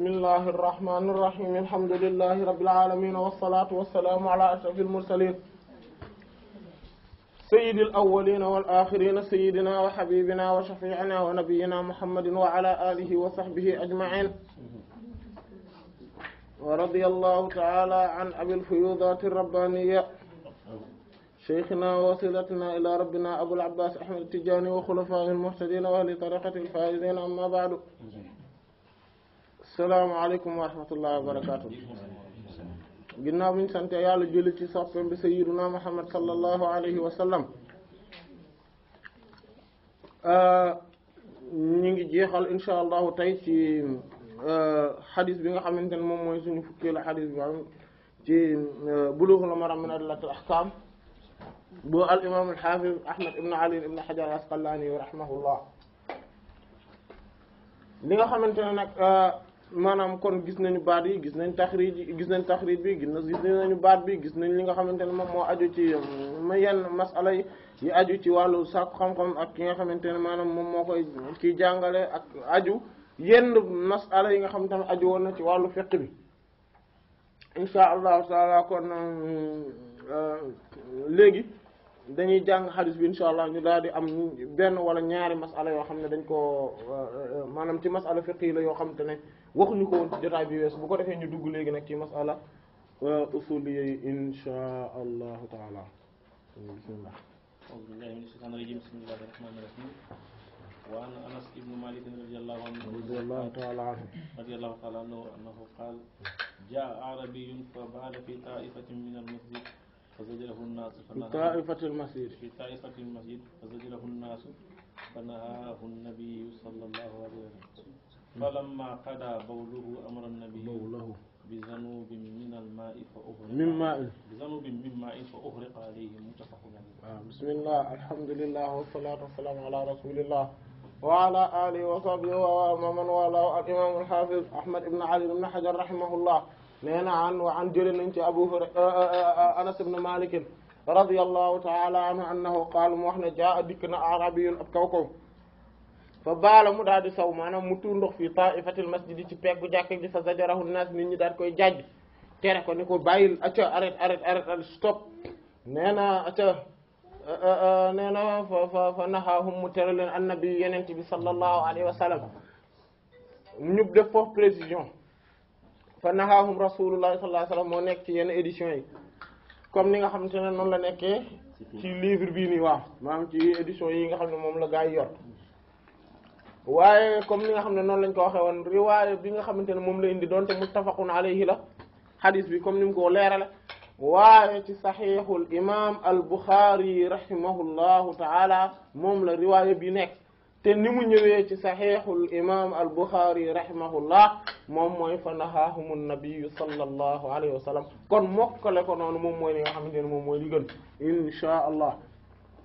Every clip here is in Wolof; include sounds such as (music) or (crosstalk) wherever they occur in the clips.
بسم الله الرحمن الرحيم الحمد لله رب العالمين والصلاة والسلام على أشرف المرسلين سيد الأولين والآخرين سيدنا وحبيبنا وشفيعنا ونبينا محمد وعلى آله وصحبه أجمعين ورضي الله تعالى عن أبي الفيوضات الربانية شيخنا وصلتنا إلى ربنا أبو العباس أحمد التجاني وخلفائه المحسدين وأهل طريقة الفائزين أما بعد السلام عليكم ورحمة الله وبركاته جناب إنسان تيال جلت صفا بسيرنا محمد صلى الله عليه وسلم نيجي جيخال إن شاء الله تايتي حديث بيغا خامتن موم موي سوني فكيل حديث بيغا تي بلوغ المرام من الله الأحكام بو الإمام الحافظ أحمد بن علي بن حجر العسقلاني رحمه الله li nga الله nak euh maanaam kon gis nañu baat yi gis nañ taxriij yi gis nañ taxriij bi gis na gis nañu baat bi gis nañ li nga xamante ne moom moo aju ci mm, ma yenn masala yi yi aju ci wàllu sàkku xam-xam ak ki nga xamante ne maanaam moom moo koy kii jàngale ak aju yenn masala yi nga xam tamit aju woon na ci wàllu fiqh bi insha allahu taala kon mm, euh, léegi dañuy jàng xadis bi insha allah ñu daal di am benn wala ñaari masala yoo xam ne dañ koo euh, maanaam ci masala fiqhi la yoo xam te ne waxuñu ko woon jotaay bi wees bu ko defee ñu dugg léegi nag ci masala euh, usuli yi insha allahu taala bismillah billahi min shaytan rajim bismillahi rahmani rahim wa an anas ibnu malik radiyallahu anhu radiyallahu taala anhu radiyallahu taala anhu annahu qaal jaa arabiyun fa baala fi taifatin min al masjid الناس في طائفة المسجد في طائفة المسجد فزج له الناس فنهاه النبي صلى الله عليه وسلم فلما قضى بوله أمر النبي بوله بذنوب من الماء فأغرق من ماء بذنوب من ماء فأغرق عليه متفق عليه آه، بسم الله الحمد لله والصلاة والسلام على رسول الله وعلى آله وصحبه ومن والاه الإمام الحافظ أحمد بن علي بن حجر رحمه الله نانا عن وعن جرن انت ابو هر... آه، آه، آه، انس بن مالك رضي الله تعالى عنه انه قال محنا جاء ديكنا عربي ابكوكو فبال مداد سو مانا متو نخ في طائفه المسجد تي بيغو جاك دي سجدره الناس نيت ني دار كوي جاج تيره كو نيكو بايل اتا اريت اريت اريت ستوب نانا اتا نينا فنهاهم مترل النبي ينتبي صلى الله عليه وسلم ñub def fof précision فنهاهم رسول الله صلى الله عليه وسلم مو نيك تي ين اديسيون يي كوم نيغا خامتاني نون لا نيكي تي ليفر بي ني واخ مام تي اديسيون ييغا خامتاني موم لا غاي يور واي كوم نيغا خامتاني نون لنج كو واخا وون رواه بيغا خامتاني موم لا اندي دونت متفقون عليه لا حديث بي كوم نيم كو ليرال واي تي الامام البخاري رحمه الله تعالى موم لا روايه بي te ni mu ñëwé ci sahihul imam al bukhari rahimahullah mom moy fa nahaahumu nabiyu sallallahu alayhi wasallam kon mokkale ko non mom moy li nga xamanteni mom moy mooy li gën insha allah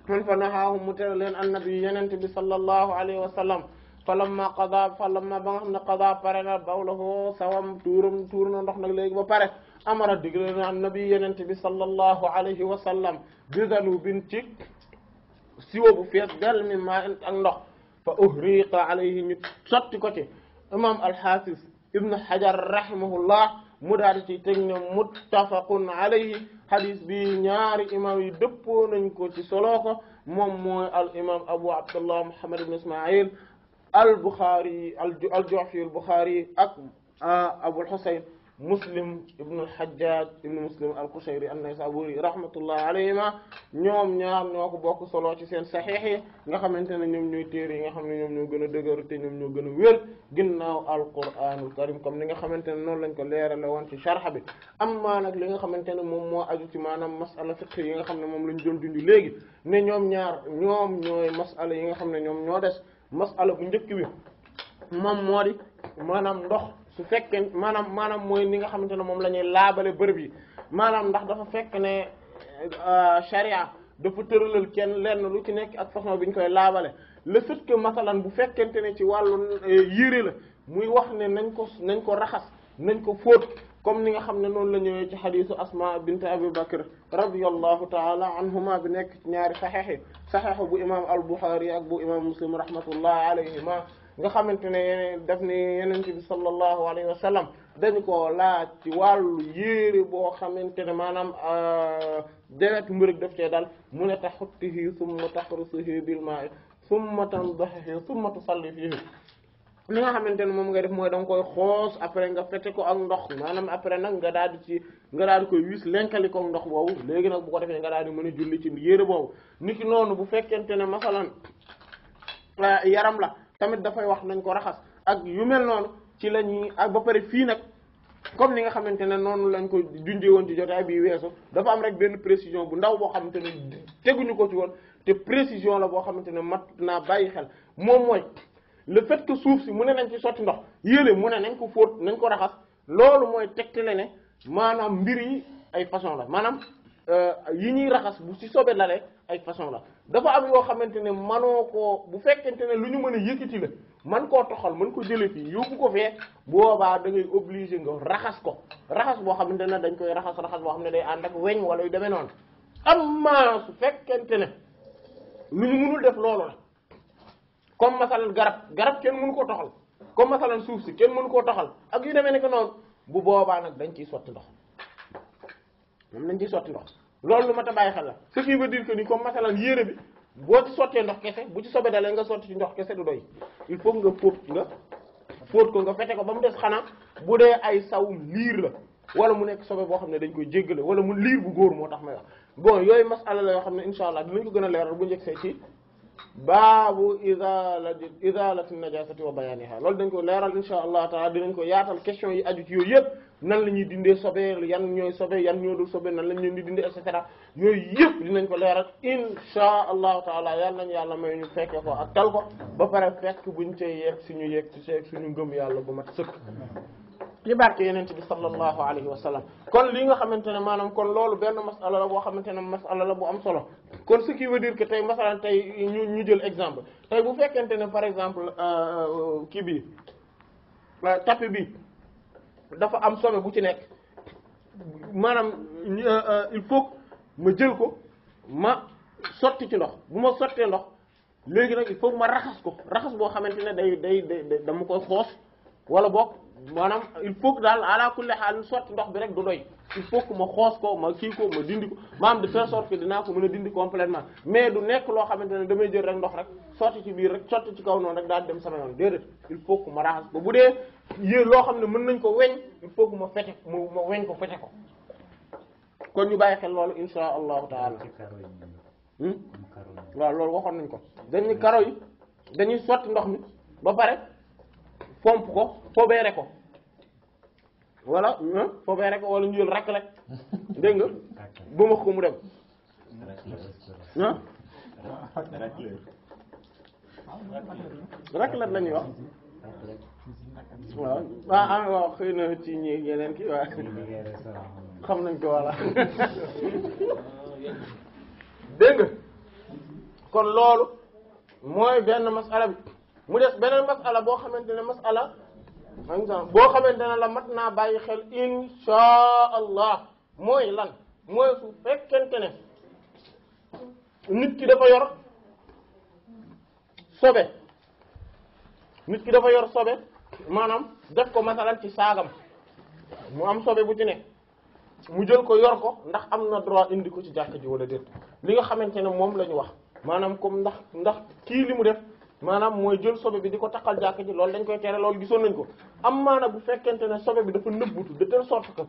kon fa nahahum mu tere an nabiyu yenent bi sallallahu alayhi wasallam falamma qada falamma ba nga xam qada pare na bawlahu sawam turum turna ndox nak léegi ba pare amara digle na an nabiyu yenent bi sallallahu alayhi wasallam sallam bi danubin ci siwo bu fess dal mi ma ak ndox fa uhriqa alayhi ñu sotti ko ci imam alxaafis ibnu hajar rahimahullah mu daal di ci teg ne muttafaqun alayhi hadis bi ñaari imam yi dëppoo nañ ko ci solo ko moom mooy al imam abu abdullah muhammad ibn ismail al bukhari al jufi al bukhari ak abul husayn مسلم ابن الحجاج ابن مسلم القشيري النيسابوري رحمه الله عليهما نيوم نيار نوكو بوك سولو سي سين صحيح ليغا خامتاني نيوم نيو تيري ليغا خامتاني نيوم نيو غنا دغور تي نيوم نيو غنا وير غيناو القران الكريم كوم ليغا خامتاني نون لنجو ليرالي وون سي شرح بي اما نك ليغا خامتاني موم مو اديو سي مانام مساله فقه ليغا خامتاني موم لنج دون دوندي ليغي ني نيوم نيار نيوم نيوي مساله ليغا خامتاني نيوم نيو داس مساله بو نديك بي موم مودي مانام ndokh su fekke manam manam moy ni nga xamantene mom lañuy labalé ñuy bi manam ndax dafa fekk ne euh charia dafa teureulal kenn lenn lu ci nekk ak façon biñ koy labalé le fait que masalan bu fekkente ne ci walu yére la muy wax ne nañ ko nañ ko raxas nañ ko fóot comme ni nga xamné non la ñëwé ci hadithu asma bint abi bakr radiyallahu taala anhuma bi nekk ci ñaari saxeex yi bu imam al bukhari ak bu imam muslim rahmatullahi alayhima nga xamantene ne daf ne yenente bi sallallahu alayhi wa sallam dañ ko la ci walu yere bo xamantene manam euh deret mbërëg daf cee dal mu ne taxuttihi summa bil maa'i summa tandahihi summa tusalli fihi li nga xamantene mom moom ngay def moy dang koy xoss après nga fete ko ak ndox manam après nak nga dadi ci nga daal koy wiss lenkali ko ndox bobu legui nak bu ko defee nga dadi meuna julli ci yére bobu niki nonu bu fekkente ne masalan yaram la tamit dafay wax nañ ko raxas ak yu mel noonu ci la ñuy ak ba pare fii nag comme li nga xamante ne noonu lañ ko junjee ci jotaay bi weesu dafa am rek benn précision bu ndaw boo xamante ne teguñu ko ci woon te précision la boo xamante ne mat naa bàyyi xel moom mooy le fait suuf si mu ne nañ ci sotti ndox yéele mu ne nañ ko fóot nañ ko raxas loolu mooy tegtale ne maanaam mbir yi ay façon la maanaam Euh, yi ñuy raxas bu si sobe lale ay façon la dafa am yoo xamante ne manoo koo bu fekkente ne lu ñu mën a yëkkati la man koo toxal man ko jëlee fii yóbbu ko fee boobaa da ngay obligé nga raxas ko raxas boo xamante ne dañ koy raxas raxas boo xam ne day ànd ak weñ wala yu demee noonu amma su fekkente ne lu ñu mënul def loolu la comme masalan garab garab kenn munu ko toxal comme masalan suuf si kenn mënu koo toxal ak yu demee ne que noonu bu boobaa nag dañ ciy sotti ndox moom lañ ci sotti ndox loolu lu ma ta bàyyi xel la ce qui veut dire que ni comme masalan yére bi boo ci sottee ndox kese bu ci sobe dalee nga sotti ci ndox kese du doy il faut nga fóot nga fóot ko nga fete ko ba mu des xanaa bu dee ay sawum liir la wala mu nekk sobe boo xam ne dañ koy jéggale wala mu liir bu góor moo tax may wax bon yooyu masala la yoo xam ne incha allah dinañ ko gën a leeral bu njëkk see ci baabu izalati izalati najasati wa bayaniha loolu dañ ko leeral insha allah taala dinañ ko yaatal question yi aju ci yooyu yëpp nan la ñuy dindee sobe yan ñooy sobe yan ñoo dul sobe nan la ñuy dindee et cetera yooyu yëpp dinañ ko leeral insha allahu taala yal nañ yàlla may ñu fekkee ko ak tal ko ba pare fekk buñ cay yegg suñu yegg ci suñu ngëm yàlla bu mat sëkk ci barke yenente bi sallallahu alayhi wa sallam kon li nga xamante ne maanaam kon loolu benn masala la boo xamante ne masala la bu am solo kon ce qui veut dire que tey masala tey ñu ñu jël exemple tey bu fekkente ne par exemple kii bi tapis bi dafa am sobe bu ci nekk maanaam il faut ma jël ko ma sotti ci ndox bu ma sottee ndox léegi nag il faut ma raxas ko raxas boo xamante ne day day day dama koy xoos wala bokk maanaam il faut daal ala kulli xaal sotti ndox bi rek du doy il faut que ma xoos ko ma kii ko ma dindi ko maanaam de telle dinaa ko mën a dindi complètement mais du nekk loo xamante ne damay jël rek ndox rek sotti ci biir rek sotti ci kaw noonu rek daal dem sama yoon déedéet il faut que ma raxas ko bu dee yé loo xam ne mën nañ ko weñ il faut que ma fete ma ma weñ ko fete ko kon ñu bàyyi xel loolu insha allahu taala hmm? waaw loolu waxoon nañ ko dañu karo dañuy sotti ndox mi ba pare pomp ko fobeere ko wala fobeere ko wala ñu jël rakk la (laughs) dégg nga ba max ko mu dem ah la lañuy wax waaw ah am ah, waaw xëy na ci ñi yeneen ki waaw xam nañ ko walla dégg kon loolu mooy benn masala mu dess benen masala bo xamantene masala bo xamantene la matna naa bàyyi xel insha allah moy lan moy su fekkente ne nit ki dafa yor sobe nit ki dafa yor sobe manam def ko masalan ci sagam mu am sobe bu ci ne mu jël ko yor ko ndax amna droit indi ko ci jàkk ji wala déet li nga xamantene mom lañu wax manam comme ndax ndax ki limu def manam moy jël sobe bi diko takal jàkk ji lolou dañ koy tere lolou gisoon nañ ko am maana bu fekkente ne sobe bi dafa neubutu de telle sorte que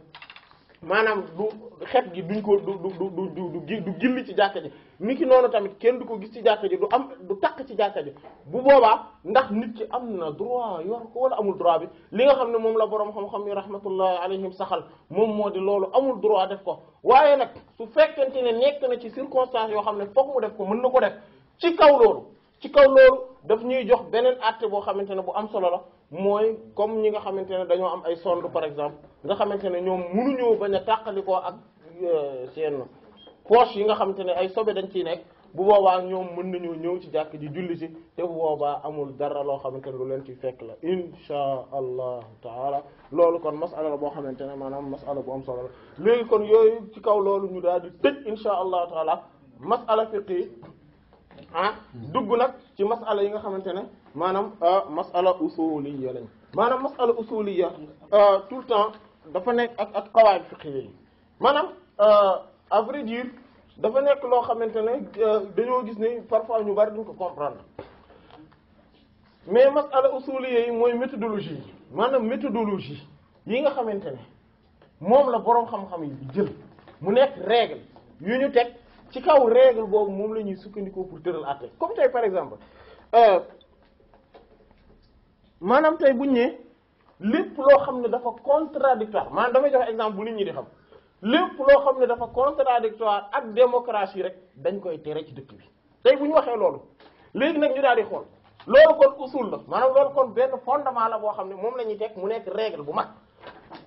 manam du xet gi duñ ko du du du du du gilli ci jàkk ji ni ki noonu tamit kenn du ko gis ci jàkk ji du am du tak ci jàkk ji bu boba ndax nit ci am na droit yor ko wala amul droit bi li nga xamne mom la borom xam-xam yi rahmatullah alayhim saxal mom modi lolou amul droit def ko waye nak su fekkente ne nek na ci circonstance yo xamne ne mu def ko mën nako def ci kaw lolou ci kaw lolou daf ñuy jox beneen àtte boo xamante ne bu am solo la mooy comme ñi nga xamante ne dañoo am ay sonde par exemple nga xamante ne ñoom mënuñoo bañ a tàqalikoo ak euh, seen poche yi nga xamante ne ay sobe dañ ciy nekk bu boobaa ñoom mën nañoo ñëw ci jàkk ji julli ci te bu boobaa amul dara loo xamante ne lu leen ci fekk la insha allahu taala loolu kon masala la boo xamante ne maanaam masala bu am solo la léegi kon yooyu ci kaw loolu ñu daal di tëj insha allahu taala masala fiqi ah mhm. dugg nag ci masala yi nga xamante ne maanaam ah, masala usuliya lañ maanaam masala usuliya ah, tout le temps dafa nekk ak ak qawaid fiqhiyya yi maanaam ah, à vrai dire dafa nekk loo xamante ne dañoo gis ne parfois ñu bari duñ ko comprendre mais masala usuliya yi mooy méthodologie maanaam méthodologie yi nga xamante ne moom la boroom xam-xam yi jël mu nekk règle yu ñu teg ci kaw règle boobu mom lañuy sukkandiko pour teural àtte comme tey par exemple euh manam tay buñ ne lepp lo xamné dafa contradictoire man dama jox exemple bu nit ñi di xam lepp lo xamné dafa contradictoire ak démocratie rek dañ koy tere ci dëkk bi tay buñ waxé waxee légui nak ñu daal di xool loolu kon usul la manam loolu kon ben fondement la bo xamné mom lañuy tek mu nek règle bu mag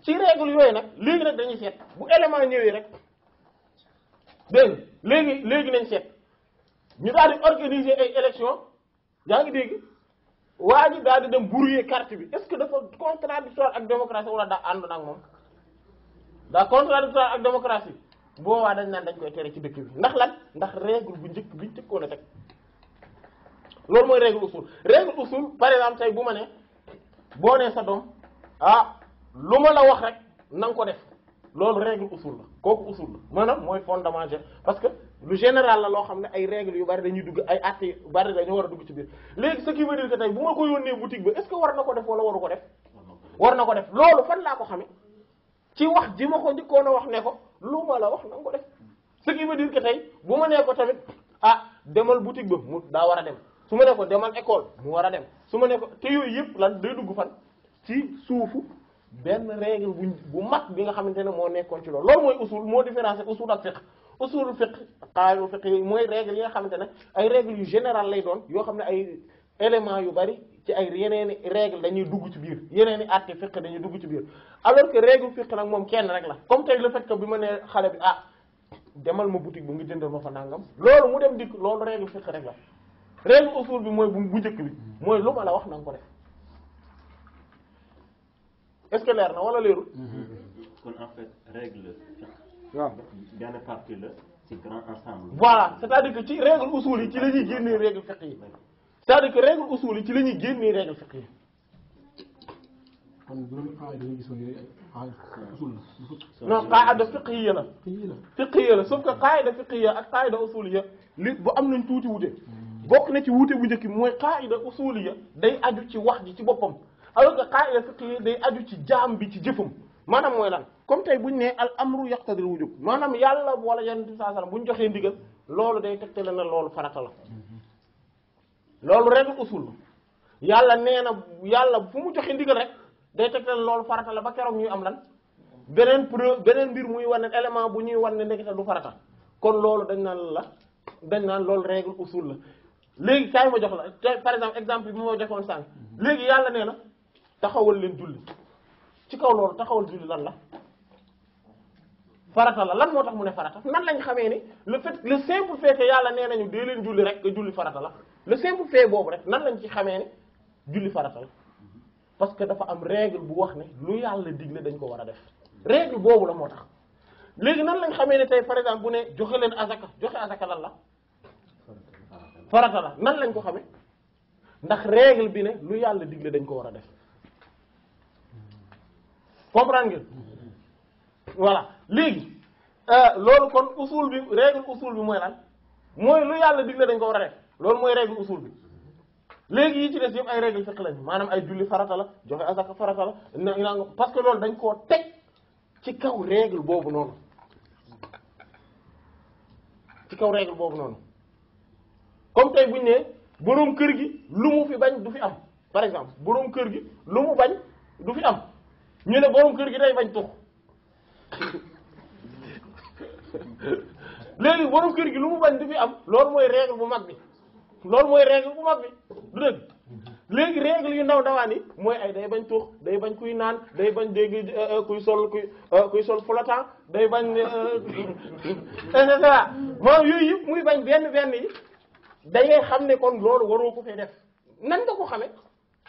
ci règle yoy nak légui nak dañuy sét bu élément ñëwé rek dégg légui légui nañ sét ñu daal di organiser ay élection yaa ngi dégg waa daal di dem brouiller carte bi est-ce que dafa contradictoire ak démocratie wala da and nak mom da contradictoire ak démocratie bo wa dañ naan dañ koy tere ci dëkk bi ndax lan ndax règle bu njëkk bi njëkkoon a teg loolu mooy règle usul règle usul par exemple tay buma né bo né sa doom ah luma la wax rek nang ko def loolu règle usul la kooku usul la maanaam mooy fondement g parce que lu général la loo xam ne ay règles yu bari dañuy dugg ay atte yu bari dañu war a dugg ci biir léegi ce qui veut dire bu ma ko yónnee boutique ba est na ko def wala waru ko def war na ko def loolu fan laa ko xamee ci wax ji ma ko njëkkoon a wax ne ko lu ma la wax na ko def ce qui veut dire que tey bu ma nee ko tamit ah demal boutique ba mu daa war a dem su ma ne demal école mu war a dem su ma ne ko te yooyu yëpp lan day dugg fan ci suufu ben règle bu mat bi nga xamantene mo nekkon ci lool lool moy usul mo différencier usul ak fiqh usul fiqh xaalu fiqh moy règle yi nga xamantene ay règle yu général lay doon yo xamne ay élément yu bari ci ay yeneene règle dañuy dugg ci biir yeneene àtte fiqh dañuy dugg ci biir alors que règle fiqh nak mom kenn rek la comme tay le fait que bima ne xale bi ah demal ma boutique bu ngi dëndal ma fa nangam loolu mu dem dik loolu règle fiqh rek la règle usul bi moy bu bu njëkk bi moy luma la wax nang ko def est-ce que leer na wala leerul. kon en fait règle. bien benn partie la ci grand ensemble. voilà c'est-à-dire que ci règle usul yi ci la ñuy génnee règle fiqh yi c'est-à-dire que règle usul yi ci la ñuy génnee règle fiqh yi. kon juróomi qaida yi gisoon yooyu ay usul la. non qaida fiqhiyya la. fiqhiyya la sauf que qaida fiqhiyya ak qaida usuliyya li bu am nañ tuuti wute. bokk na ci wute bu njëkk mooy qaida usuliyya day aju ci wax ji ci boppam. alors que qaa'ida fiqhi day aju ci jaam bi ci jëfam maanaam mooy lan comme tey bu ñu nee al amru yaqtadil wujub maanaam yàlla wala yonent bi saa alayhi bu ñu joxee ndigal loolu day tegtale na loolu farata la loolu rek yàlla nee na yàlla fu mu joxe ndigal rek day tegtale loolu farata la ba keroog ñuy am lan beneen preuve beneen mbir muy wane élément bu ñuy wane ne ndekete du farata kon loolu dañ naan la dañ naan loolu règle usul la léegi kaay ma jox la te par exemple exemple bi ma joxoon sànq léegi yàlla nee na. taxawal len julli ci kaw lolu taxawal julli lan la farata la lan motax tax mu ne farata nan lañ xamé ni le fait le simple fait que yàlla nee nañu dee leen julli rek julli farata la le simple fait bobu rek nan lañ ci xamé ni julli farata la parce que dafa am règle bu wax ne lu yàlla digle dañ ko wara def règle bobu la motax légui nan lañ xamé ni tay par exemple bu ne joxe len azaka joxe azaka lan la farata la nan lañ ko xamé ndax règle bi ne lu yàlla digle dañ ko wara def comprendre ngeen voilà léegi euh, loolu kon usul bi règle usul bi mooy lan mooy lu yàlla digle dañ ko war a def loolu mooy règle usul bi léegi yi ci des yëpp ay règle fiqh lañ maanaam ay julli farata la joxe asaka farata la na parce que loolu dañ koo teg ci kaw règle boobu noonu ci kaw règle boobu noonu comme tey buñu nee boroom kër gi lu mu fi bañ du fi am par exemple boroom kër gi lu mu bañ du fi am ñu ne borom kër gi day bañ tux léegi borom kër gi lu mu bañ di fi am loolu mooy règle bu mag bi loolu mooy règle bu mag bi du dëgg léegi règle yu ndaw ndawaan yi mooy ay day bañ tuux day bañ kuy naan day bañ dégg euh, kuy sol euh, kuy sol flottant day bañ euh, (laughs) et cetera maanaam yooyu yëpp muy bañ benn benn yi dangay xam ne kon loolu waroo ko fee def nan nga ko xamee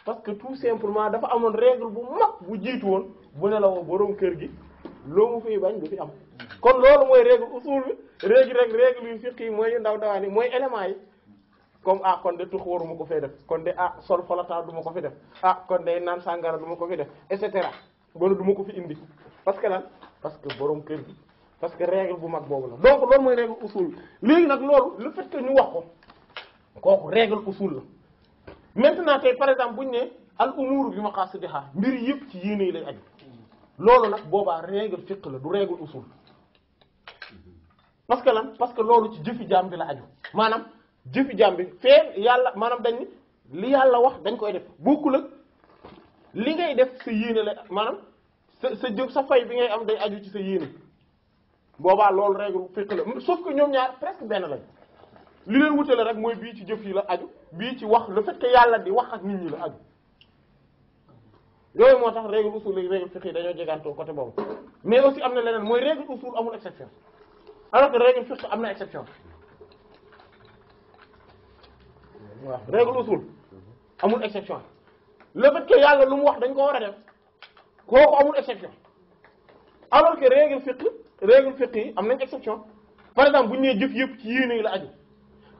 parce que tout simplement dafa amoon règle bu mag bu jiitu woon bu ne la woo borom kër gi loo mu fiy fi am kon loolu mooy règle usul rek règle yi mooy ndaw dawaan yi mooy éléments comme ah kon de waruma ko fay def kon de ah sol folataa du ko fi def ah kon de naan sàngara du ko def et cetera loolu du ko fi indi parce que lan parce que borom kër parce que règle bu mag boobu la donc loolu mooy règle usul léegi nag loolu le fait ñu wax ko kooku règle usul la maintenant par exemple bu ñu ne al umuru bi maqasidiha mbir yëpp ci yéene yi lay aju loolu nag boobaa règle fiqh la du règle usul parce que lan parce que loolu ci jëfi jaam bi la aju maanaam jëfi jaam bi fee yàlla maanaam dañ li yàlla wax dañ koy def bokkul ak li ngay def sa yéene la maanaam sa sa jëf sa fay bi ngay am day aju ci sa yéene boobaa loolu règle fiqh la sauf que ñoom ñaar presque benn lañ. li leen wutale rek mooy bii ci jëf yi la aju bii ci wax le fait que yàlla di wax ak nit ñi la aju yooyu moo règle usul ak règle fiqh yi dañoo jegantoo côté boobu mais aussi amna na leneen mooy règle usul amul exception alors que règle fiqh amna na exception règle usul amul exception le fait que yàlla lu mu wax dañ ko war a def kooku amul exception alors que règle fiqh règle fiqh yi am nañ exception par exemple bu ñu jëf yëpp ci yéene la aju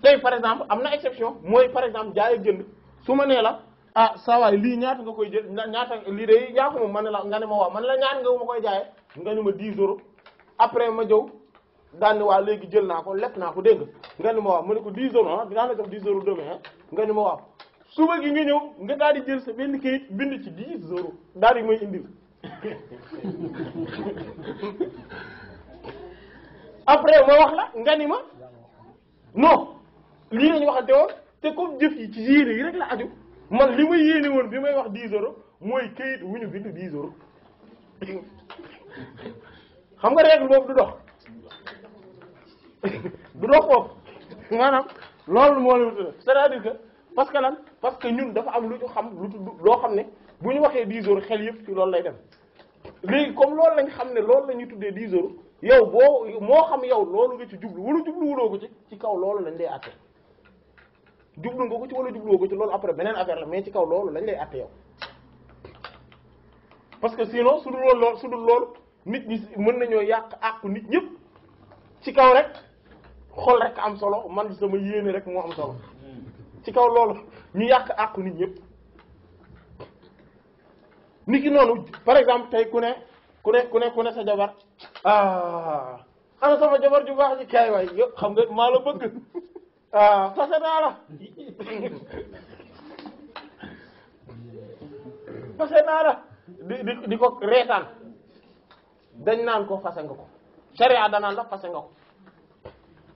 tey par exemple am na exception mooy par exemple jaay ak jënd su ma nee la ah sawaay lii ñaata nga koy jël ñaata lii de yaa ko moom man la nga ne ma waaw man la ñaata nga ma koy jaayee nga ne ma 10 euros après ma jëw daan ne waa léegi jël naa ko leb naa ko dégg nga ne ma waaw ma ne ko 10 euros ah dinaa la jox 10 euros demain ah. nga ne ma waaw suba gi nga ñëw nga daal di jël sa benn kayit bind ci 10 euros daal di may indil (laughs) après ma wax la nga ni ma non. lii lañ waxante woon te kom jëf yi ci yéene yi rek la aju man li may yéene woon bi may wax 10 euros mooy kayit wu ñu bind 10 euros xam nga règle boobu du dox du dox boobu maanaam loolu moo la wut c'est-à-dire que parce que lan parce que ñun dafa am lu ñu xam lu loo xam ne bu ñu waxee 10 euros xel yëpp ci loolu lay dem léegi comme loolu lañ xam ne loolu la ñuy tuddee 10 euros yow boo moo xam yow loolu nga ci jublu wala jublu wuloo ko ci ci kaw loolu lañ dee àtte jublu nga ko ci wala jubluwoo ko ci loolu après beneen affaire la mais ci kaw loolu lañ lay atte yow parce que sinon su dul loolu su dul loolu nit ñi mën nañoo yàq àqu nit ñëpp ci kaw rek xol rek am solo man sama yéene rek moo am solo ci kaw loolu ñu yàq àqu nit ñëpp nit ki noonu par exemple tey ku ne ku ne ku ne ku ne sa jabar ah ana sama jabar ju baax ji kaay waay yo xam nga maa la (laughs) ah fase naa la fase naa la di di di ko reetaan dañ naan ko fase nga ko sharia danaan la fase nga ko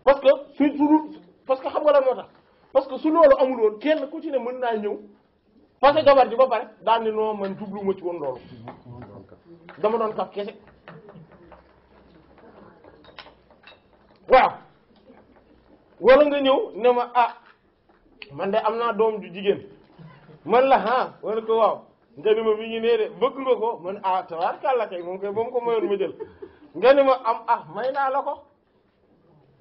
parce que su su parce que xam nga lan moo parce que su loolu amul kenn ku ci ne mën naa ñëw fase jabar ji ba pare daal ni noo man jublu ma ci woon loolu dama doon kaf kese waaw wala nga ñëw ne ma ah man de am naa doom ju jigéen man la ah wala ko waaw nga ne ma mi ngi nee bëgg nga ko man ah tabaarkàlla kay moom kay ba mu ko mayoon ma jël nga ne ma am ah may naa la ko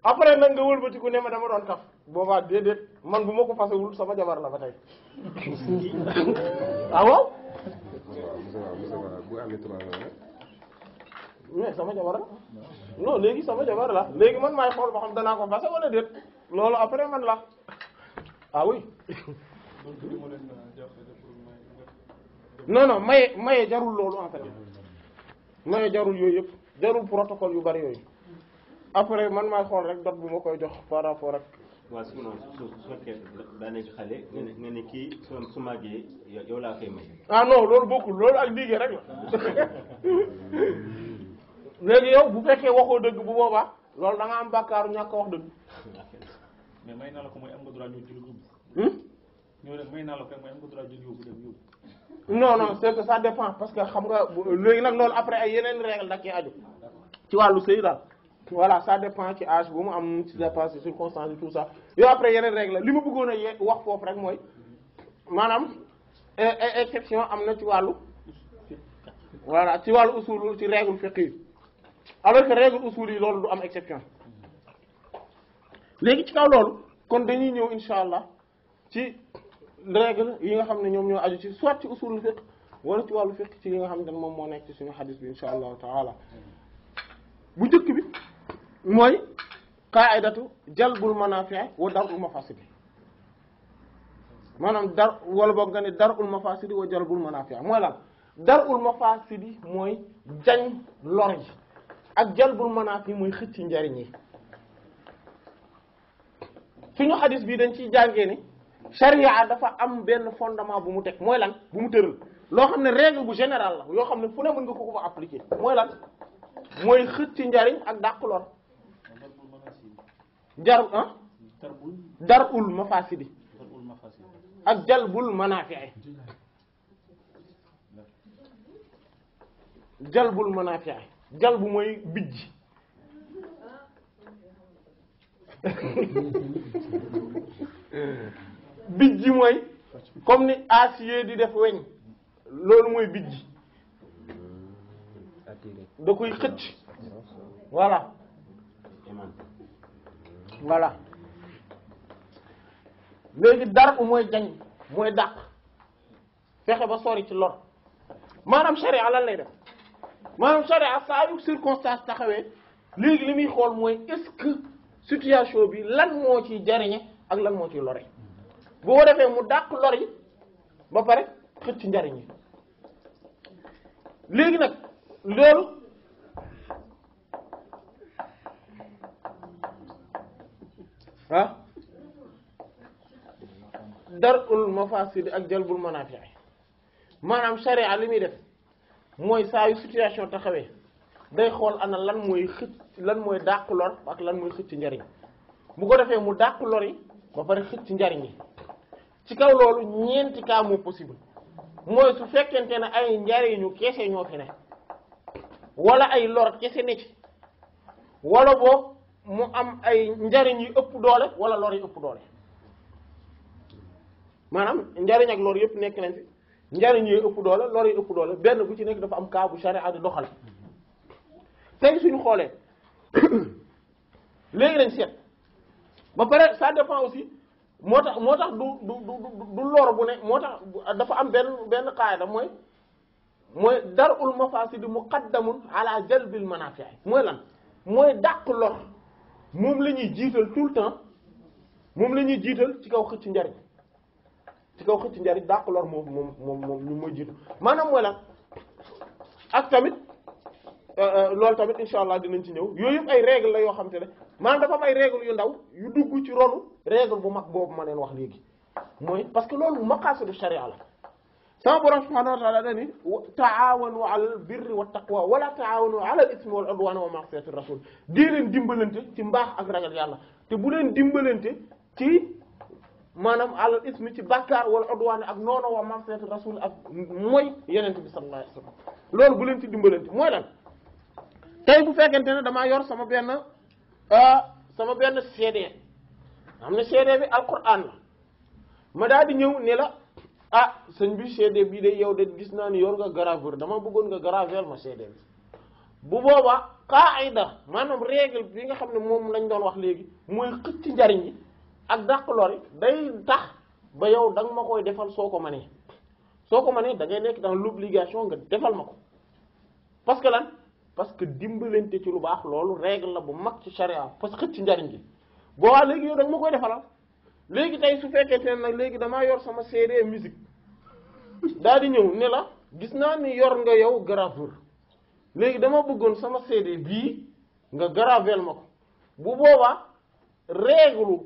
après nag nga wëlbatiku ne ma dama doon kaf boobaa déedéet man bu ma ko fasewul sama jabar la ba tey (laughs) ah, mais sama jabar la non léegi sama jabar la léegi man maay xool ba xam danaa ko fase wala déet loolu après man la ah oui. non non maye maye jarul loolu en maye jarul yooyu yëpp jarul protocole yu bari yooyu après man maay xool rek dot bu ma koy jox par rapport ak. waaw su ma su su kii su su màggee yow laa koy may. ah non loolu bokkul loolu ak liggéey rek (laughs) léegi yow bu fekkee waxoo dëgg bu boobaa loolu da nga am bàkkaaru ñàkk wax dëgg. mais may naa la ko mooy am nga droit ñu ñoo ne may naa la ko mooy am nga droit jël yóbbu dem yóbbu. non non c'est que ça dépend parce que xam nga léegi nag loolu après ay yeneen règle da cee ci wàllu sëy daal. voilà ça dépend ci âge bu mu am ci dépend ci circonstance et tout ça yow après yeneen règle la li ma bëggoon a ye wax foofu rek mooy maanaam e-, e-, exception am na ci wàllu. voilà ci wàllu usul ci règle fiqh alors que règle usul yi loolu du am exception léegi ci kaw loolu kon dañuy ñëw insha allah ci règle yi nga xam ne ñoom ñoo aju ci soit ci usulul fiqh wala ci wàllu fiqh ci li nga xam ne moom moo nekk ci suñu xadis bi insha allahu taala bu njëkk bi mooy qaidatu jalbul manafi' wa dar'ul mafasid maanaam dar wala boog nga ne dar'ul mafasid wa jalbul manafi' mooy lan dar'ul mafasid mooy jañ lor yi ak jalbul manafi muy xëcc ndariñi suñu hadith bi dañ ci jangé ni sharia dafa am benn fondement bu mu tek moy lan bu mu tëral lo xamné règle bu général la yo xamné fune fu mën nga ko ko fa appliquer moy lan moy xëcc ndariñ ak dàq lor jar han darul mafasidi ak jalbul manaafi jalbul manaafi bu mooy bijji (laughs) bijji mooy comme ni acier di def weñ loolu mooy bijji da koy xëcc voilà voilà léegi dar u mooy jañ mooy dàq fexe ba sori ci lor maanaam sharia lan lay def maanaam charia saa yu circonstance taxawee léegi li muy xool mooy est-ce bi lan moo ci jariñe ak lan moo ciy lore boo ko defee mu dàq lor ba pare xëcc njariñ yi léegi nag loolu ah darul mafasid ak jalbul manaafi maanaam charia li muy def mooy saa yu situation taxawee day xool ana lan mooy xëcc lan mooy dàq lor ak lan mooy ci njariñ bu ko defee mu dàqu lor yi ba pare ci njariñ yi ci kaw loolu ñeenti cas moo possible mooy su fekkente ne ay njariñu kese ñoo fi ne wala ay lor kese ne ci boo mu am ay njariñ yu ëpp doole wala lor yu ëpp doole maanaam njariñ ak lor yëpp nekk nañ fi njariñ yooyu ëpp doola lor yi ëpp doola benn bu ci nekk dafa am cas bu charia di doxal tay suñu xolé légui lañ sét ba pare ça dépend aussi motax motax moo du du du lor bu ne motax dafa am benn benn qaida moy moy darul mafasid muqaddamun ala jalbil manafi' moy lan moy dak lor mom lañuy jital tout temps mom lañuy jital ci kaw xëc ci ndariñ ci kaw xëcc njariñ dàq lor moom moom moom moom ñu mooy jiitu maanaam mooy lan ak tamit euh, euh, loolu tamit incha allah dinañ ci ñëw yooyu yëpp ay règle la yoo xam te ne maanaam dafa am ay règle yu ndaw yu dugg ci ronu règle bu mag boobu ma leen wax léegi mooy parce que loolu maqaasidu sharia la sama borom subhanahu wa taala dani taawanu alal birri wa taqwa wala taawanu alal ismi wal udwaan wa ma'siyati rasul dee leen dimbalante ci mbaax ak ragal yàlla te bu leen dimbalante ci maanaam alal ismi ci bàkkaar wala odwaane ak noono waa marsetu rasul ak mooy yenent bi sallallahu alayhi wasallam loolu bu leen ci dimbalante mooy lan tey bu fekkente ne damaa yor sama benn ah, sama benn CD am na CD bi alquran la ma daal di ñëw ne la ah sëñ bi CD bii de yow de gis naa ni yor nga graveur damaa bëggoon nga graver ma CD bi bu boobaa qaida maanaam règle bi nga xam ne moom lañ doon wax léegi mooy xëcc njariñ yi ak dàq lori day tax ba yow da nga ma koy defal soo ko manee soo ko manee da ngay nekk dans l'obligation nga defal ma ko parce que lan parce que dimbalante ci lu baax loolu règle la bu mag ci charia parce que xëcc ci njariñ gi boo waa léegi ma koy defalal léegi tey su fekkee ne nag léegi damaa yor sama CD musique daal di ñëw ne la gis naa ni yor nga yow graveur léegi dama bëggoon sama CD bii nga gravel ma ko bu boobaa règle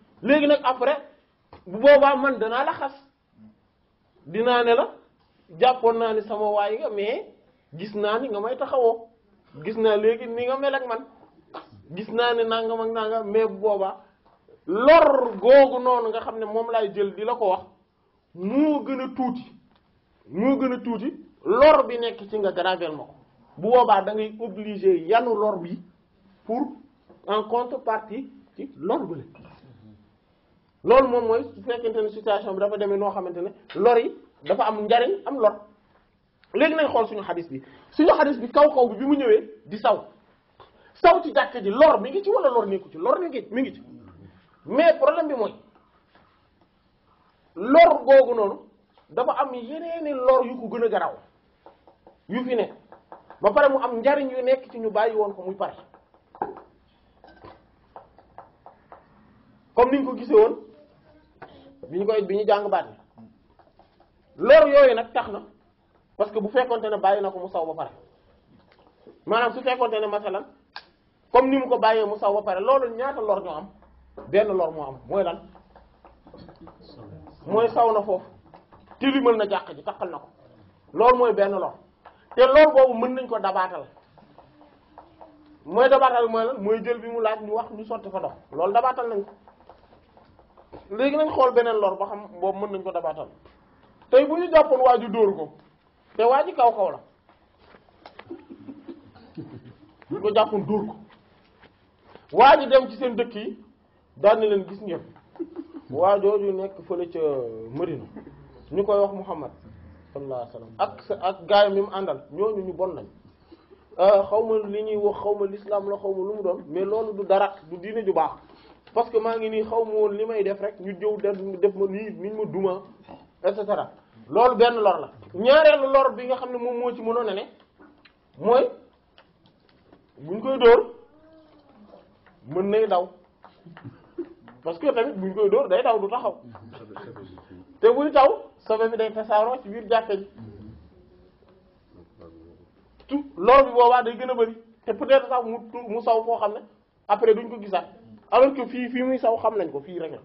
léegi nag après bu boobaa man danaa la dinaa ne la jàppoon naa ni sama waay nga mais gis naa ni nga may taxawoo gis naa léegi ni nga mel ak man gis naa ne nangam ak nangam mais bu boobaa lor googu noonu nga xam ne moom laay jël di la ko wax moo gën a tuuti moo gën a tuuti lor bi nekk ci nga gravel ma ko bu boobaa da ngay obligé yanu lor bi pour en contrepartie ci lor bi loolu moom mooy su fekkente ne situation bi dafa demee noo xamante ne lor yi dafa am njariñ am lor léegi nañ xool suñu xadis bi suñu xadis bi kaw kaw bi bi mu ñëwee di saw saw ci jàkk ji lor mi ngi ci wala lor nekku ci lor mi ngi mi ngi ci mais problème bi mooy lor googu noonu dafa am yeneeni lor yu ko gën a garaw yu fi nekk ba pare mu am njariñ yu nekk ci ñu bàyyi woon ko muy pare comme niñ ko gisee woon bi ñu koy bi ñu jàng baat bi lor yooyu nag tax na parce que bu fekkonte ne bàyyi na ko mu saw ba pare maanaam su fekkonte ne masalan comme ni mu ko bàyyee mu saw ba pare loolu ñaata lor ñoo am benn lor moo am mooy lan mooy saw na foofu tilimal na jàq ji takkal na ko loolu mooy benn lor te lor boobu mën nañ ko dabaatal mooy dabaatal mooy lan mooy jël bi mu laaj ñu wax ñu sotti fa ndox loolu dabaatal nañ ko léegi lañ xool beneen lor ba xam boobu mën nañ ko dabaatal tey bu ñu jàppoon waa ji dóor ko te waa kaw kaw la ñu ko jàppoon dóor ko waa ji dem ci seen dëkk yi daan leen gis ngeen waa jooju nekk fële ca Madina ñu koy wax Muhammad sallallahu alayhi wa sallam ak sa ak gaayam yi mu àndal ñooñu ñu bon lañ euh, xaw ma li ñuy wax xaw ma lislaam la xaw ma lu mu doon mais loolu du dara du diine ju baax parce que maa ngi nii xaw ma li may def rek ñu jëw def ma nii niñ ma duma et cetera loolu benn lor la ñaareelu lor bi nga xam ne moom moo ci mënoon a ne mooy buñ koy dóor mën nay daw parce que tamit buñ koy dóor day daw du taxaw te buy taw sobe bi day tasaaroo ci biir jàkka ji tout lor bi boobaa day gën a bari te peut-être mu saw foo xam ne après duñ ko gisaat alors que fii fii muy saw xam nañ ko fii rek la